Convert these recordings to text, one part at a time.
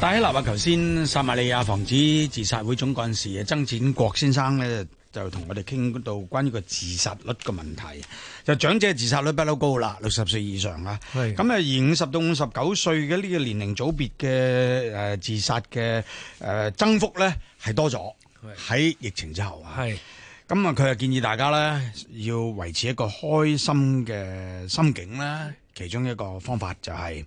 但係，嗱，頭先撒馬利亞防止自殺會總幹事曾展國先生咧，就同我哋傾到關於個自殺率嘅問題。就長者自殺率不嬲高啦，六十歲以上啦。係咁啊，而五十到五十九歲嘅呢個年齡組別嘅誒自殺嘅誒增幅咧係多咗。喺的疫情之後啊。係咁啊，佢就建議大家咧要維持一個開心嘅心境啦。其中一個方法就係、是。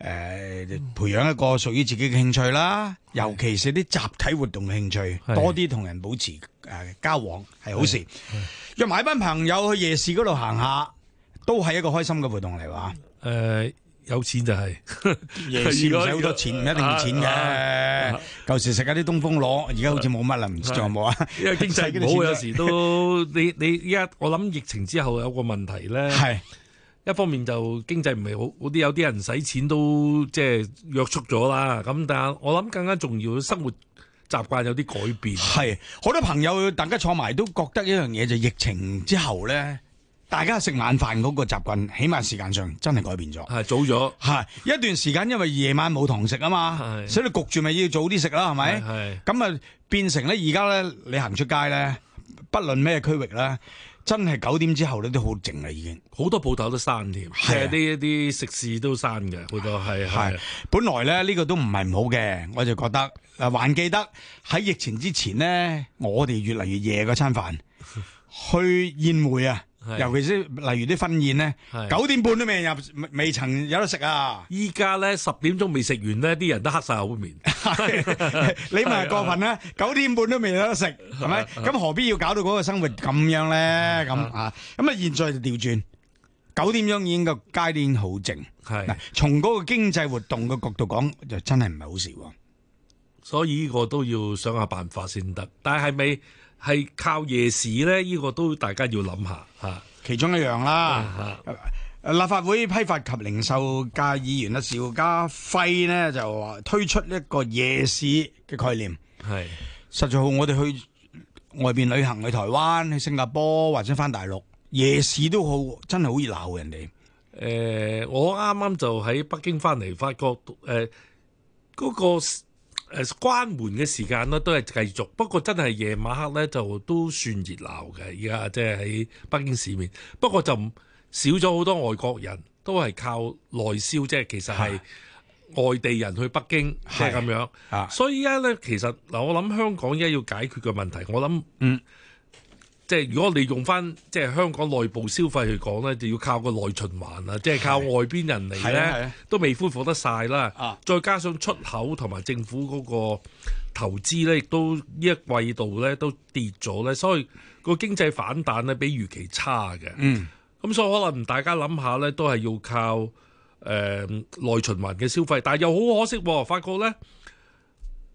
誒，培養一個屬於自己嘅興趣啦，尤其是啲集體活動嘅興趣，是多啲同人保持誒、呃、交往係好事。約埋一班朋友去夜市嗰度行下，都係一個開心嘅活動嚟話。誒、呃，有錢就係、是、 夜市唔使好多錢，唔一定要錢嘅。舊時食下啲東風螺，而家好似冇乜啦，唔是知仲有冇啊？因為經濟唔好， 有時都你你而家我諗疫情之後有個問題咧。係是。一方面就經濟唔係好，嗰啲有啲人使錢都即係約束咗啦。咁但係我諗更加重要，生活習慣有啲改變。係好多朋友，大家坐埋都覺得一樣嘢，就疫情之後咧，大家食晚飯嗰個習慣，起碼時間上真係改變咗。係早咗。係一段時間，因為夜晚冇堂食啊嘛，係所以你焗住咪要早啲食啦，係咪？係咁啊，變成咧而家咧，你行出街咧，不論咩區域咧。真係九點之後咧都好靜啦，已經好多鋪頭都閂添，係啊，啲一啲食肆都閂嘅好多係。係本來咧呢個都唔係唔好嘅，我就覺得嗱，還記得喺疫情之前咧，我哋越嚟越夜嗰餐飯去宴會啊。是尤其是例如啲婚宴咧，九點是半都未入，未曾有得食啊！依家咧十點鐘未食完咧，啲人都黑晒口面。 你咪過分咧？九點半都未有得食，係咪？ 咁何必要搞到嗰個生活咁樣咧？咁啊咁啊，現在就調轉，九點鐘已經個街店好靜。係嗱是，從嗰個經濟活動嘅角度講，就真係唔係好事喎。所以呢個都要想下辦法先得，但係未。係靠夜市咧，呢、這個都大家要諗下，啊、其中一樣啦。啊啊、立法會批發及零售界議員阿邵家輝呢，就話推出一個夜市嘅概念，係是實在好。我哋去外邊旅行去台灣、去新加坡或者翻大陸，夜市都好，真係好熱鬧、啊、人哋、呃。我啱啱就喺北京翻嚟，發覺誒嗰、呃嗰個。誒關門嘅時間咧都係繼續，不過真係夜晚黑咧就都算熱鬧嘅。而家即係喺北京市面，不過就少咗好多外國人，都係靠內銷，即係其實係外地人去北京係咁是樣。是所以而家咧，其實嗱，我諗香港而家要解決嘅問題，我諗嗯。即係如果你用翻即係香港內部消費去講呢，就要靠個內循環啦，即係的靠外邊人嚟呢，都未恢復得晒啦。再加上出口同埋政府嗰個投資呢，亦都呢一季度呢，都跌咗呢。所以個經濟反彈呢，比預期差嘅。咁、嗯、所以可能大家諗下呢，都係要靠誒、呃、內循環嘅消費，但係又好可惜喎，發覺呢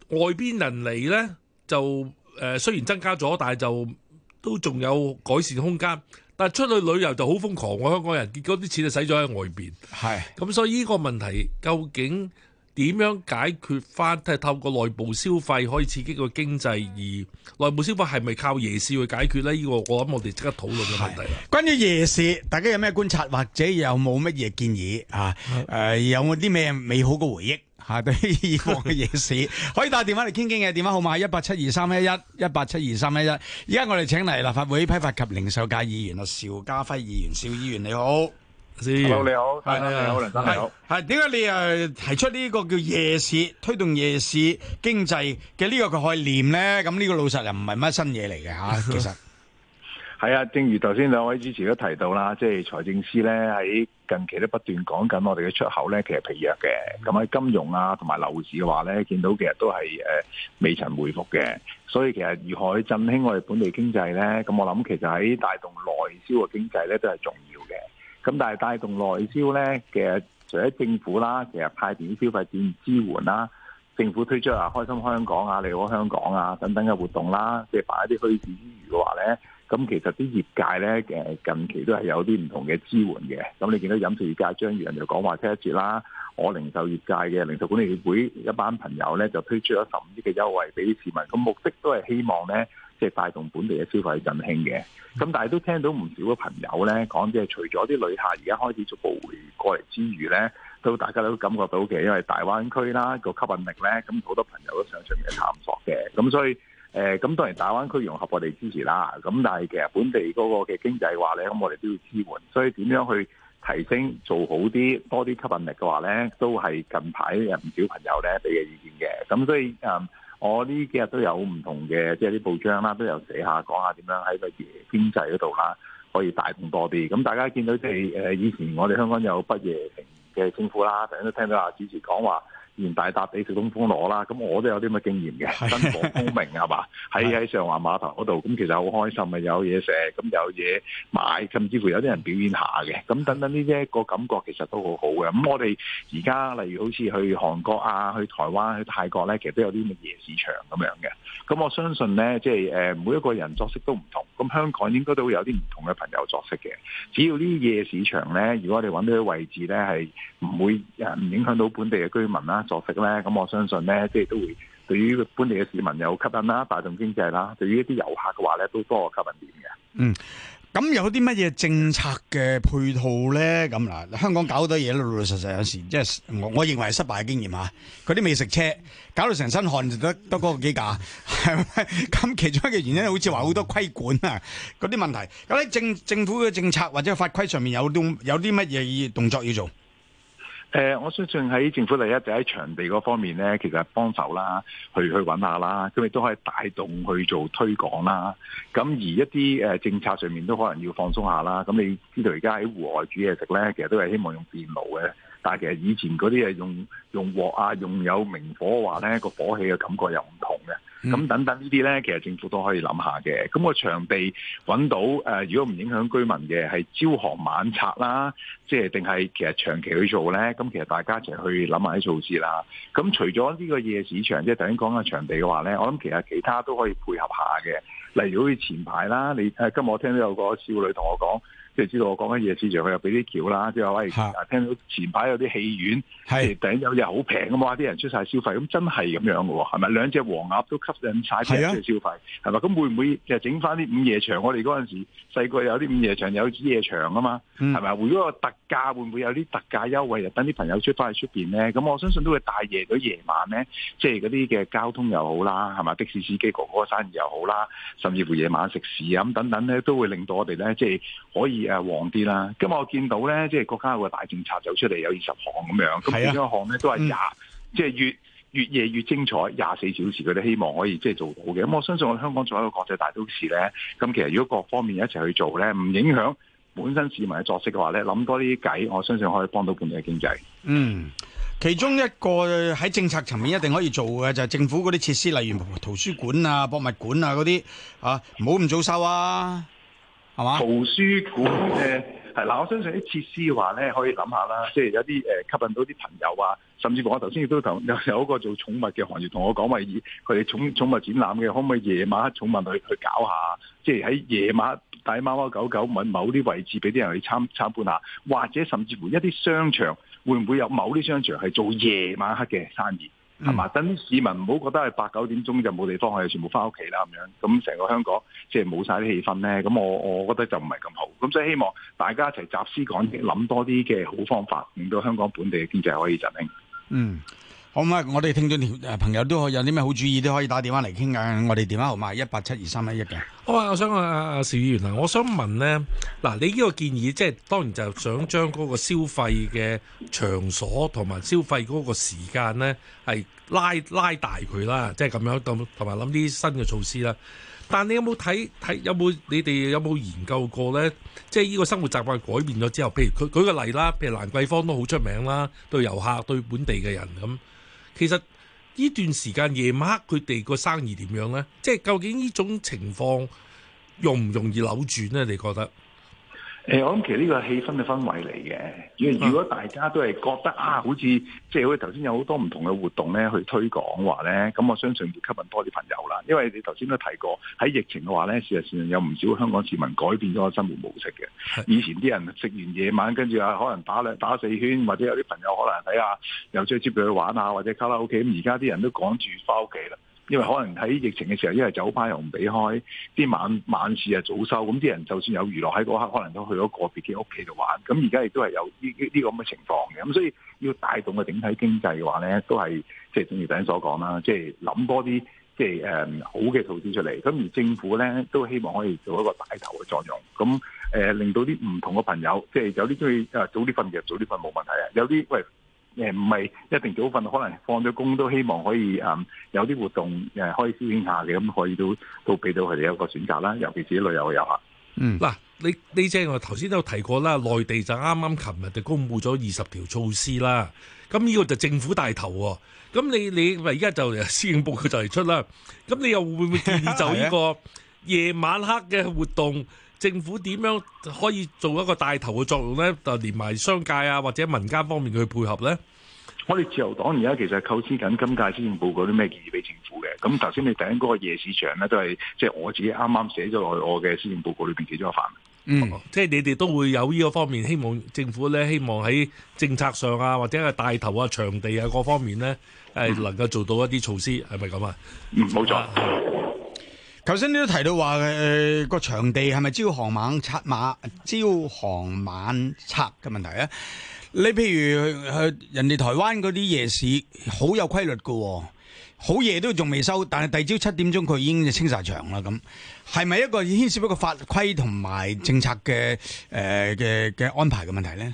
外邊人嚟呢，就誒、呃、雖然增加咗，但係就都仲有改善空間，但係出去旅遊就好瘋狂喎，香港人，結果啲錢就使咗喺外邊，咁是，所以呢個問題究竟點樣解決翻？即係透過內部消費可以刺激個經濟，而內部消費係咪靠夜市去解決咧？呢個我諗我哋即刻討論嘅問題。關於夜市，大家有咩觀察，或者有冇乜嘢建議？啊？誒，有冇啲咩美好嘅回憶？下對以往嘅夜市，可以打電話嚟傾傾嘅電話號碼係一八七二三一一一八七二三一一。而家我哋請嚟立法會批發及零售界議員啊，邵家輝議員，邵議員你好。你好，Hello, 你好，係你好，好。係點解你誒提出呢個叫夜市，推動夜市經濟嘅呢個概念咧？咁呢個老實又唔係乜新嘢嚟嘅吓，其實。係啊，正如頭先兩位主持都提到啦，即係財政司咧喺近期都不斷講緊我哋嘅出口咧，其實是疲弱嘅。咁喺、嗯、金融啊，同埋樓市嘅話咧，見到其實都係未曾回復嘅。所以其實如何去振興我哋本地經濟咧，咁我諗其實喺帶動內銷嘅經濟咧都係重要嘅。咁但係帶動內銷咧，其實除咗政府啦、啊，其實派錢、消費券支援啦、啊，政府推出啊開心香港啊你好香港啊等等嘅活動啦、啊，即係辦一啲墟市之餘嘅話咧。咁其實啲業界咧，誒近期都係有啲唔同嘅支援嘅。咁你見到飲食業界張宇人就講話七折啦，我零售業界嘅零售管理協會一班朋友咧就推出咗十五億嘅優惠俾啲市民。咁目的都係希望咧，即係帶動本地嘅消費去振興嘅。咁但係都聽到唔少嘅朋友咧講，即係除咗啲旅客而家開始逐步回過嚟之餘咧，都大家都感覺到嘅，因為大灣區啦、那個吸引力咧，咁好多朋友都想上面探索嘅。咁所以。誒咁當然，大灣區融合我哋支持啦。咁但係其實本地嗰個嘅經濟話咧，咁我哋都要支援。所以點樣去提升做好啲多啲吸引力嘅話咧，都係近排有唔少朋友咧俾嘅意見嘅。咁所以誒，我呢幾日都有唔同嘅即係啲報章啦，都有寫下講下點樣喺個夜經濟嗰度啦，可以帶動多啲。咁大家見到即係以前我哋香港有不夜城嘅稱呼啦，大家都聽到阿主持講話。連大笪地食東風螺啦，咁我都有啲乜經驗嘅，燈火通明係嘛？喺，喺上環碼頭嗰度，咁其實好開心，咪有嘢食，咁有嘢買，甚至乎有啲人表演下嘅，咁等等呢啲一個感覺其實都好好嘅。咁我哋而家例如好似去韓國啊、去台灣、去泰國咧，其實都有啲乜夜市場咁樣嘅。咁我相信咧，即係誒每一個人作息都唔同，咁香港應該都會有啲唔同嘅朋友作息嘅。只要啲夜市場咧，如果我哋揾到啲位置咧，係唔會唔影響到本地嘅居民啦。坐食咧，咁我相信咧，即係都會對於本地嘅市民有吸引啦，帶動經濟啦。對於一啲遊客嘅話咧，都多個吸引點嘅。嗯，咁有啲乜嘢政策嘅配套咧？咁嗱，香港搞好多嘢，老老實實有時即係我我認為係失敗嘅經驗吓，嗰啲美食車搞到成身汗就得得嗰個幾架，係咪？咁其中一個原因好似話好多規管啊，嗰啲問題。咁喺政政府嘅政策或者法規上面有動有啲乜嘢動作要做？誒、呃，我相信喺政府第一就喺、是、場地嗰方面咧，其實係幫手啦，去去揾下啦，咁亦都可以帶動去做推廣啦。咁而一啲誒、呃、政策上面都可能要放鬆下啦。咁你知道而家喺戶外煮嘢食咧，其實都係希望用電爐嘅，但係其實以前嗰啲係用用鑊啊，用有明火嘅話咧，個火氣嘅感覺又唔同嘅。咁、嗯、等等呢啲呢，其實政府都可以諗下嘅。咁個場地揾到，誒、呃，如果唔影響居民嘅，係朝行晚拆啦，即係定係其實長期去做呢？咁其實大家就一齊去諗下啲措施啦。咁除咗呢個夜市場，即係頭先講嘅場地嘅話呢，我諗其實其他都可以配合下嘅。例如好似前排啦，你今日我聽到有個少女同我講。知道我講緊夜市場有，佢又俾啲橋啦。即係話喂，聽到前排有啲戲院，係的第一日好平啊嘛，啲人出晒消費，咁真係咁樣嘅喎，係咪兩隻黃鴨都吸引晒出嘅消費，係咪的？咁會唔會就整翻啲午夜場？我哋嗰陣時細個有啲午夜場，有夜場啊嘛，係咪？嗯、如果個特價會唔會有啲特價優惠？又等啲朋友出翻去出邊咧？咁我相信都會大夜到夜晚咧，即係嗰啲嘅交通又好啦，係嘛？的士司機哥哥生意又好啦，甚至乎夜晚食肆啊咁等等咧，都會令到我哋咧即係可以。誒，旺啲啦！咁我見到咧，即係國家有個大政策走出嚟，有二十項咁樣，咁其中一項咧都係廿、啊，嗯、即係越越夜越精彩，廿四小時佢哋希望可以即係做到嘅。咁我相信我香港作為一個國際大都市咧，咁其實如果各方面一齊去做咧，唔影響本身市民嘅作息嘅話咧，諗多啲計，我相信可以幫到本地嘅經濟。嗯，其中一個喺政策層面一定可以做嘅就係、是、政府嗰啲設施，例如圖書館啊、博物館啊嗰啲啊，唔好咁早收啊！ 圖書館嘅係嗱，我相信啲設施嘅話咧，可以諗下啦，即係有啲誒吸引到啲朋友啊，甚至乎我頭先亦都同有有一個做寵物嘅行業同我講話，以佢哋寵寵物展覽嘅，可唔可以夜晚黑寵物去去搞下？即係喺夜晚帶貓貓狗狗，揾某啲位置俾啲人去參參觀下，或者甚至乎一啲商場會唔會有某啲商場係做夜晚黑嘅生意？係嘛？等啲、嗯、市民唔好覺得係八九點鐘就冇地方去，我哋全部翻屋企啦咁樣。咁成個香港即係冇晒啲氣氛咧。咁我我覺得就唔係咁好。咁所以希望大家一齊集思廣益，諗多啲嘅好方法，令到香港本地嘅經濟可以振興。嗯。好啊！我哋聽咗條朋友都可以有啲咩好主意都可以打電話嚟傾嘅。我哋電話號碼係一八七二三一一嘅。我話我想問下，邵議員啊，我想問咧，嗱，你呢個建議即係當然就係想將嗰個消費嘅場所同埋消費嗰個時間咧，係拉拉大佢啦，即係咁樣同同埋諗啲新嘅措施啦。但你有冇睇睇有冇你哋有冇研究過咧？即係呢個生活習慣改變咗之後，譬如佢舉個例啦，譬如蘭桂坊都好出名啦，對遊客對本地嘅人咁。其實呢段時間夜晚黑佢哋個生意點樣呢？即係究竟呢種情況容唔容易扭轉呢？你覺得？誒、欸，我諗其實呢個氣氛嘅氛圍嚟嘅。如如果大家都係覺得啊，好似即係好似頭先有好多唔同嘅活動咧，去推廣話咧，咁我相信會吸引多啲朋友啦。因為你頭先都提過，喺疫情嘅話咧，事實上有唔少香港市民改變咗個生活模式嘅。以前啲人食完夜晚，跟住啊可能打兩打四圈，或者有啲朋友可能睇下又接佢去玩下，或者卡拉 OK。咁而家啲人都趕住翻屋企啦。因為可能喺疫情嘅時候，因為酒吧又唔俾開，啲晚晚市又早收，咁啲人就算有娛樂喺嗰刻，可能都去咗個別嘅屋企度玩。咁而家亦都係有呢呢呢咁嘅情況嘅，咁所以要帶動個整體經濟嘅話咧，都係即係正如大家所講啦，即係諗多啲即係誒好嘅投資出嚟。咁而政府咧都希望可以做一個帶頭嘅作用，咁誒、呃、令到啲唔同嘅朋友，即、就、係、是、有啲中意誒早啲瞓嘅，早啲瞓冇問題啊。有啲喂。誒唔係一定早瞓，可能放咗工都希望可以、嗯、有啲活動誒可以消遣下嘅，咁可以都都俾到佢哋一個選擇啦，尤其是旅遊嘅遊客。嗯，嗱，你你正話頭先都有提過啦，內地就啱啱琴日就公布咗二十條措施啦，咁呢個就政府帶頭喎，咁你你咪而家就施政報告就嚟出啦，咁你又會唔會建議就呢個夜晚黑嘅活動？ 政府點樣可以做一個帶頭嘅作用咧？就連埋商界啊，或者民間方面去配合咧。我哋自由黨而家其實係構思緊今屆施政報告啲咩建議俾政府嘅。咁頭先你頂嗰個夜市場咧，都係即係我自己啱啱寫咗落我嘅施政報告裏邊其中一範。嗯，即係你哋都會有呢個方面，希望政府咧，希望喺政策上啊，或者係帶頭啊、場地啊各方面咧，係能夠做到一啲措施，係咪咁啊？嗯，冇錯。頭先你都提到話誒個場地係咪朝行晚拆，馬朝行晚拆嘅問題咧？你譬如去人哋台灣嗰啲夜市，好有規律噶，哦，好夜都仲未收，但係第二朝七點鐘佢已經就清晒場啦。咁係咪一個牽涉一個法規同埋政策嘅誒嘅嘅安排嘅問題咧？誒、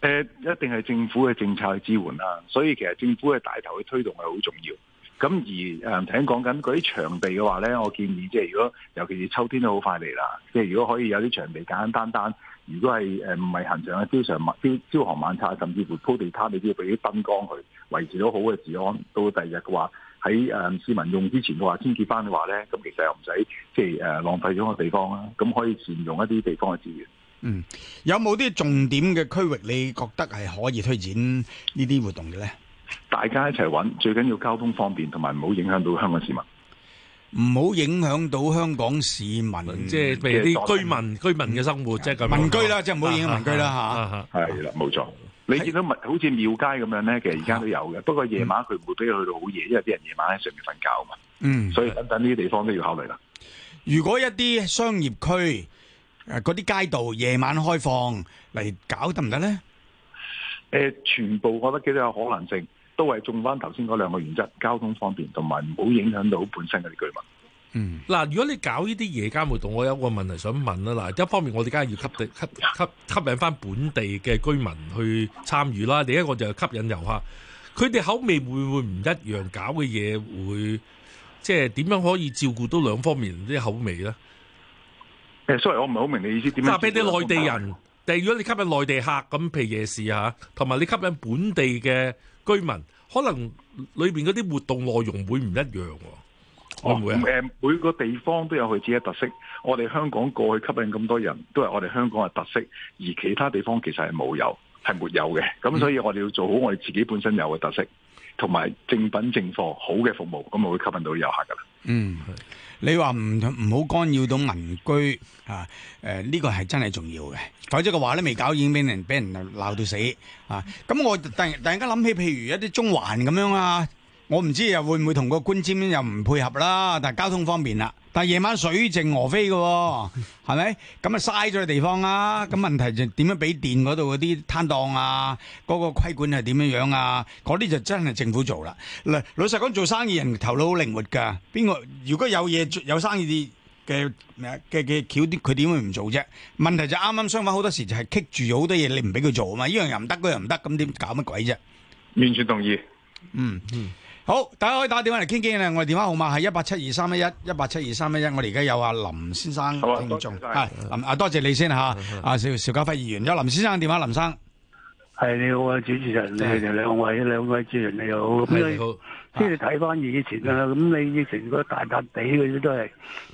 呃，一定係政府嘅政策去支援啦，所以其實政府嘅帶頭去推動係好重要。咁而誒，聽講緊嗰啲場地嘅話咧，我建議即係如果，尤其是秋天都好快嚟啦。即係如果可以有啲場地簡簡單單，如果係唔係行上嘅朝常晚朝朝行晚查，甚至乎鋪地攤，你都要俾啲燈光去維持到好嘅治安。到第二日嘅話，喺、呃、市民用之前嘅話，先結翻嘅話咧，咁其實又唔使即係浪費咗個地方啦。咁可以善用一啲地方嘅資源。嗯，有冇啲重點嘅區域，你覺得係可以推展呢啲活動嘅咧？大家一齊揾，最緊要交通方便，同埋唔好影響到香港市民，唔好影響到香港市民，即係譬如啲居民居民嘅生活，即係民居啦，即係唔好影響民居啦吓。係啦，冇錯。你見到好似廟街咁樣咧，其實而家都有嘅。不過夜晚佢唔會去到好夜，因為啲人夜晚喺上面瞓覺啊嘛。嗯，所以等等呢啲地方都要考慮啦。如果一啲商業區誒嗰啲街道夜晚開放嚟，搞得唔得咧？誒，全部我覺得幾多有可能性。都係重翻頭先嗰兩個原則，交通方便同埋唔好影響到本身啲居民。嗯，嗱，如果你搞呢啲夜間活動，我有一個問題想問啦。嗱，一方面我哋梗係要吸吸吸吸引翻本地嘅居民去參與啦，第一個就係吸引遊客。佢哋口味會唔會唔一樣，搞嘅嘢會即係點樣可以照顧到兩方面啲口味咧？誒，呃，sorry，我唔係好明你意思。揸俾啲內地人，但係如果你吸引內地客咁，譬如夜市吓，同埋你吸引本地嘅。居民，可能裏邊嗰啲活動內容會唔一樣，我唔會啊？誒、哦嗯，每個地方都有佢自己特色。我哋香港過去吸引咁多人都係我哋香港嘅特色，而其他地方其實係冇有，係沒有嘅。咁所以我哋要做好我哋自己本身有嘅特色。嗯同埋正品正貨，好嘅服務，咁咪會吸引到啲遊客噶啦。嗯，你話唔唔好干擾到民居啊？誒、呃，呢個係真係重要嘅。否則嘅話咧，未搞已經俾人俾人鬧到死啊！咁我突然突然間諗起，譬如一啲中環咁樣啊。我唔知又會唔會同個官尖又唔配合啦，但係交通方便啦。但係夜晚水靜鵝飛嘅，係咪咁啊嘥咗地方啊？咁問題就點樣俾電嗰度嗰啲攤檔啊？嗰個規管係點樣樣啊？嗰啲就真係政府做啦。嗱，老實講，做生意人頭腦好靈活㗎。邊個如果有嘢有生意嘅嘅嘅橋啲，佢點會唔做啫？問題就啱啱相反，好多時就係棘住好多嘢，你唔俾佢做啊嘛？呢樣又唔得，嗰樣又唔得，咁點搞乜鬼啫？完全同意。嗯嗯。好，大家可以打電話嚟，傾傾啦。我哋電話號碼係一八七二三一一一八七二三一一。我哋而家有阿林先生聽眾，啊林啊多謝你先吓，阿邵邵家輝議員，有林先生電話。林生，係你好啊主持人，你哋兩位兩位主持人你好。你好，即係睇翻以前啊，咁你以前嗰啲大笪地嗰啲都係，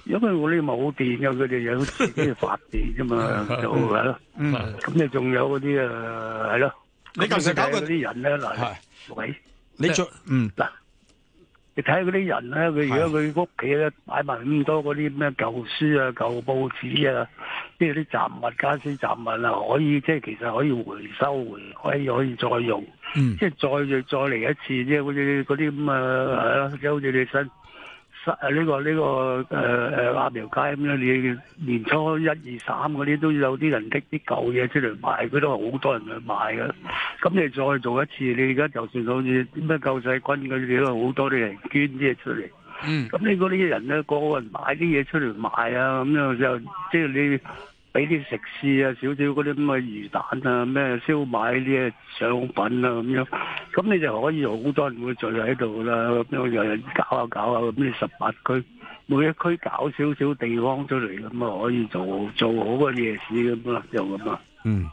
因為我哋冇電嘅，佢哋有自己嘅發電啫嘛，就係咯，咁你仲有嗰啲啊？係咯，你其實搞嗰啲人咧嗱，喂。你嗯，嗱，你睇下嗰啲人咧，佢如果佢屋企咧擺埋咁多嗰啲咩舊書啊、舊報紙啊，即係啲雜物、家私雜物啊，可以即係其實可以回收，回可以可以再用，嗯、即係再再嚟一次，即係好似嗰啲咁啊，係咯，即係好似你新。呢、這個呢、這個誒誒亞廟街咁樣，你年初一二三嗰啲都有啲人拎啲舊嘢出嚟賣，佢都係好多人去買嘅。咁你再做一次，你而家就算好似點樣救世軍嗰啲，都好多啲人捐啲嘢出嚟。嗯，咁你嗰啲人咧，個個人買啲嘢出嚟賣啊，咁樣就即係你。俾啲食肆啊，少少嗰啲咁嘅魚蛋啊，咩燒賣啲嘢、上品啊，咁樣，咁你就可以好多人會聚喺度啦。咁樣又搞下搞下咁，你十八區每一區搞少少地方出嚟，咁啊可以做做好個夜市咁啦，就咁啊。嗯，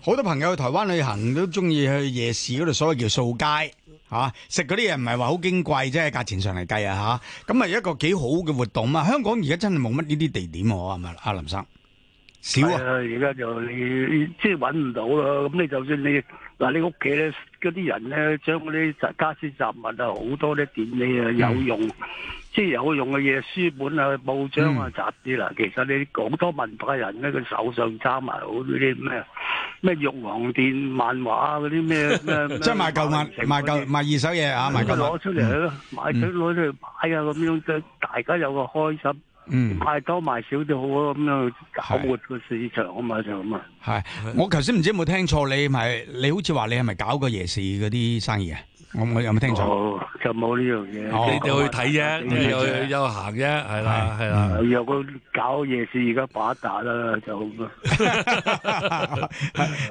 好多朋友去台灣旅行都中意去夜市嗰度，所謂叫掃街吓食嗰啲嘢唔係話好矜貴啫，價錢上嚟計啊吓咁啊，一個幾好嘅活動啊。香港而家真係冇乜呢啲地點，係咪阿林生？少啊！而家就你即係揾唔到咯。咁你就算你，嗱，你屋企咧，嗰啲人咧，將嗰啲雜家私雜物啊，好多啲電器啊，有用、嗯、即係有用嘅嘢，書本啊、報章啊、雜誌啦。其實你好多文化人咧，佢手上揸埋好多啲咩咩玉皇殿漫畫啊，嗰啲咩咩。即係賣舊物，賣舊賣二手嘢啊，賣舊物。攞出嚟咯，買攞出嚟，買啊，咁樣即大家有個開心。嗯，賣多賣少都好啊，咁樣去搞活個市場啊嘛，就咁啊。係，我頭先唔知有冇聽錯，你係你好似話你係咪搞過夜市嗰啲生意啊？我有冇聽錯，就冇呢樣嘢。你哋去睇啫，你又又行啫，係啦，係啦。如果搞夜市而家發達啦，就好咯。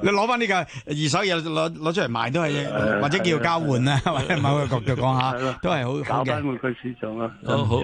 你攞翻呢個二手嘢攞攞出嚟賣都係，或者叫交換啊，或者某個角度講下，都係好搞翻個個市場啊。好好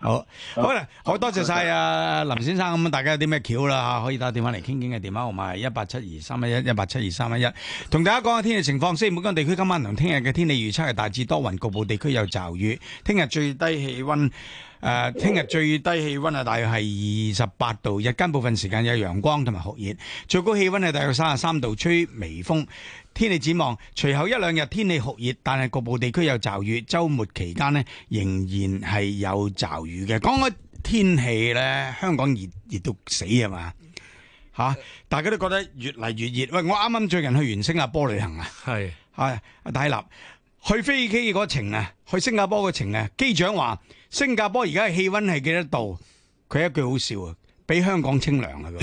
好，好啦，好多謝晒啊林先生咁，大家有啲咩橋啦可以打電話嚟傾傾嘅電話號碼係一八七二三一一一八七二三一一，同大家講下天氣情況雖然每個地區今晚同聽日嘅。天氣預測係大致多雲，局部地區有驟雨。聽日最低氣温，誒、呃，聽日最低氣溫啊，大約係二十八度。日間部分時間有陽光同埋酷熱，最高氣溫係大約三十三度，吹微風。天氣展望，隨後一兩日天氣酷熱，但係局部地區有驟雨。周末期間咧，仍然係有驟雨嘅。講開天氣呢，香港熱熱到死啊嘛，吓，大家都覺得越嚟越熱。喂，我啱啱最近去完星加坡旅行啊，係。係阿大立去飛機嗰程啊，去新加坡嗰程啊，機長話新加坡而家嘅氣温係幾多度？佢一句好笑啊，比香港清涼啊，佢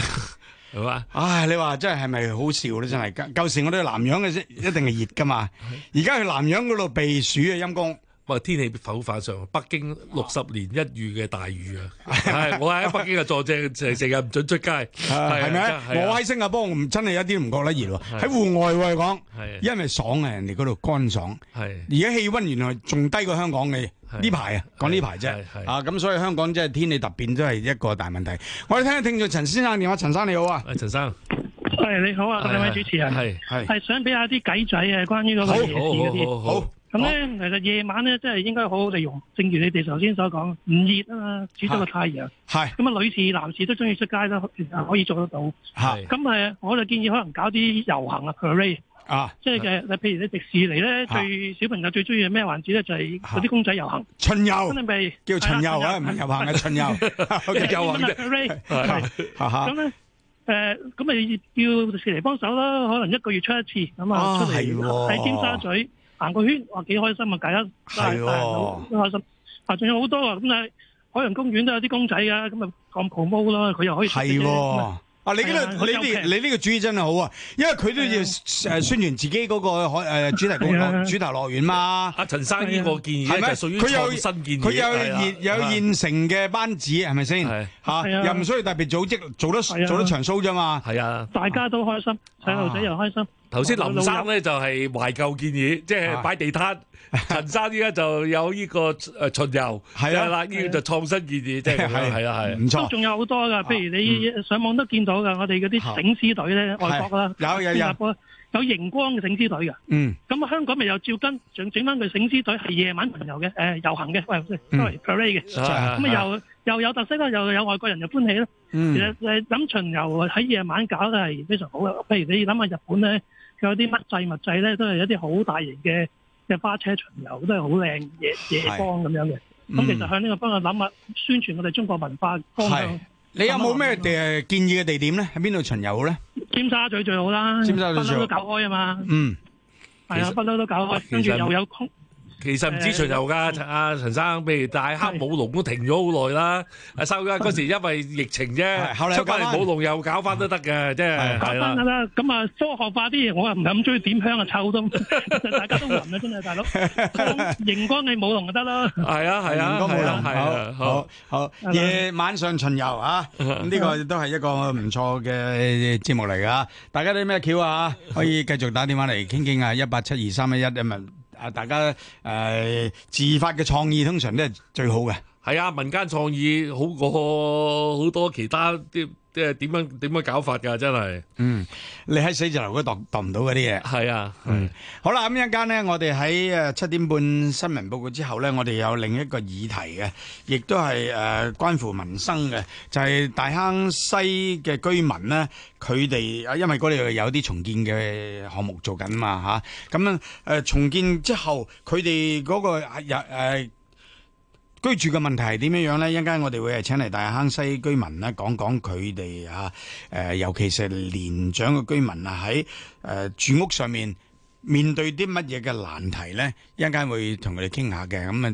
係嘛？唉，你話真係係咪好笑咧？真係，舊時我哋去南洋嘅一定係熱㗎嘛，而家去南洋嗰度 避暑啊，陰公。天氣否反上北京六十年一遇嘅大雨啊，係我喺北京啊，坐正成日唔准出街，係咪？我喺新加坡，唔真係一啲都唔覺得熱喎，喺戶外嚟講，係因為爽啊，人哋嗰度乾爽，係。而家氣溫原來仲低過香港嘅，呢排啊，講呢排啫。啊，咁所以香港即係天氣突變都係一個大問題。我哋聽聽眾陳先生電話，陳生你好啊，陳生，係你好啊，兩位主持人，係，係，係想俾下啲計仔啊，關於嗰個夜市嗰啲。好。咁咧，其實夜晚咧，真係應該好好利用。正如你哋頭先所講，唔熱啊嘛，始終個太陽。係咁啊，女士、男士都中意出街啦，可以做得到。係咁誒，我就建議可能搞啲遊行啊 parade 啊，即係嘅，譬如你迪士尼咧，最小朋友最中意嘅咩環節咧，就係嗰啲公仔遊行。巡遊，真係咪叫巡遊啊？巡遊行嘅巡遊。咁咧，誒，咁咪叫迪士尼幫手啦。可能一個月出一次咁啊，出嚟喺尖沙咀。行個圈，話幾開心啊！第一，啲大人好開心。啊，仲有好多啊！咁啊，海洋公園都有啲公仔嘅，咁啊，咁 promote 囉，佢又可以。係喎，啊，你呢？你呢？你呢個主意真係好啊！因為佢都要誒宣傳自己嗰個海誒主題公主題樂園嘛。阿陳生呢個建議係咪屬於創新？佢有現有現成嘅班子係咪先？嚇，又唔需要特別組織，做得做得場 show 啫嘛。係啊，大家都開心，細路仔又開心。頭先林生咧就係懷舊建議，即係擺地攤。陳生依家就有依個誒巡遊，係啦，依個就創新建議，即係係啦係。唔錯。仲有好多噶，譬如你上網都見到噶，我哋嗰啲醒獅隊咧，外國啦，有有有外國啦，有熒光嘅醒獅隊噶。嗯。咁啊，香港咪又照跟，想整翻佢醒獅隊，係夜晚巡遊嘅，誒遊行嘅，喂，都係 Parade 嘅。啊。咁啊，又又有特色啦，又有外國人又歡喜啦。嗯。其實誒諗巡遊喺夜晚搞都係非常好嘅，譬如你諗下日本咧。有啲乜制物制咧，都係一啲好大型嘅嘅花車巡遊，都係好靚嘅夜光咁樣嘅。咁、嗯、其實向呢個方向諗下，宣傳我哋中國文化嘅方向。係，你有冇咩誒建議嘅地點咧？喺邊度巡遊好咧？尖沙咀最好啦，尖沙咀最好，不嬲都搞開啊嘛。嗯，係啊，不嬲都搞開，跟住實又有空。其實唔止巡遊噶，阿陳生，譬如大黑舞龍都停咗好耐啦。收噶嗰時因為疫情啫，出翻嚟舞龍又搞翻都得嘅，即係。搞翻啦，咁啊科學化啲嘢，我又唔咁中意點香啊臭到，其實大家都暈啦，真係大佬。熒光嘅舞龍就得啦。係啊係啊，熒光舞龍好，好好。夜晚上巡遊啊，咁呢個都係一個唔錯嘅節目嚟噶。大家都咩橋啊？可以繼續打電話嚟傾傾啊，一八七二三一一。啊！大家，呃，自發嘅創意通常都係最好嘅，係啊！民間創意好過好多其他啲。即係點樣點樣搞法噶，真係。嗯，你喺寫字樓嗰度度唔到嗰啲嘢。係啊，嗯。好啦，咁一陣間咧，我哋喺誒七點半新聞報告之後咧，我哋有另一個議題嘅，亦都係誒關乎民生嘅，就係大坑西嘅居民咧，佢哋啊，因為嗰度有啲重建嘅項目做緊嘛，吓。咁樣，誒重建之後，佢哋嗰個又係。居住嘅問題係點樣樣咧？一陣間我哋會係請嚟大坑西居民咧，講講佢哋吓誒，尤其是年長嘅居民啊，喺誒住屋上面面對啲乜嘢嘅難題咧？一陣間會同佢哋傾下嘅。咁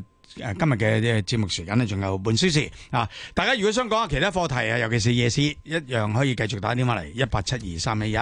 啊，今日嘅節目時間咧仲有半小時啊！大家如果想講下其他課題啊，尤其是夜市，一樣可以繼續打電話嚟一八七二三一一。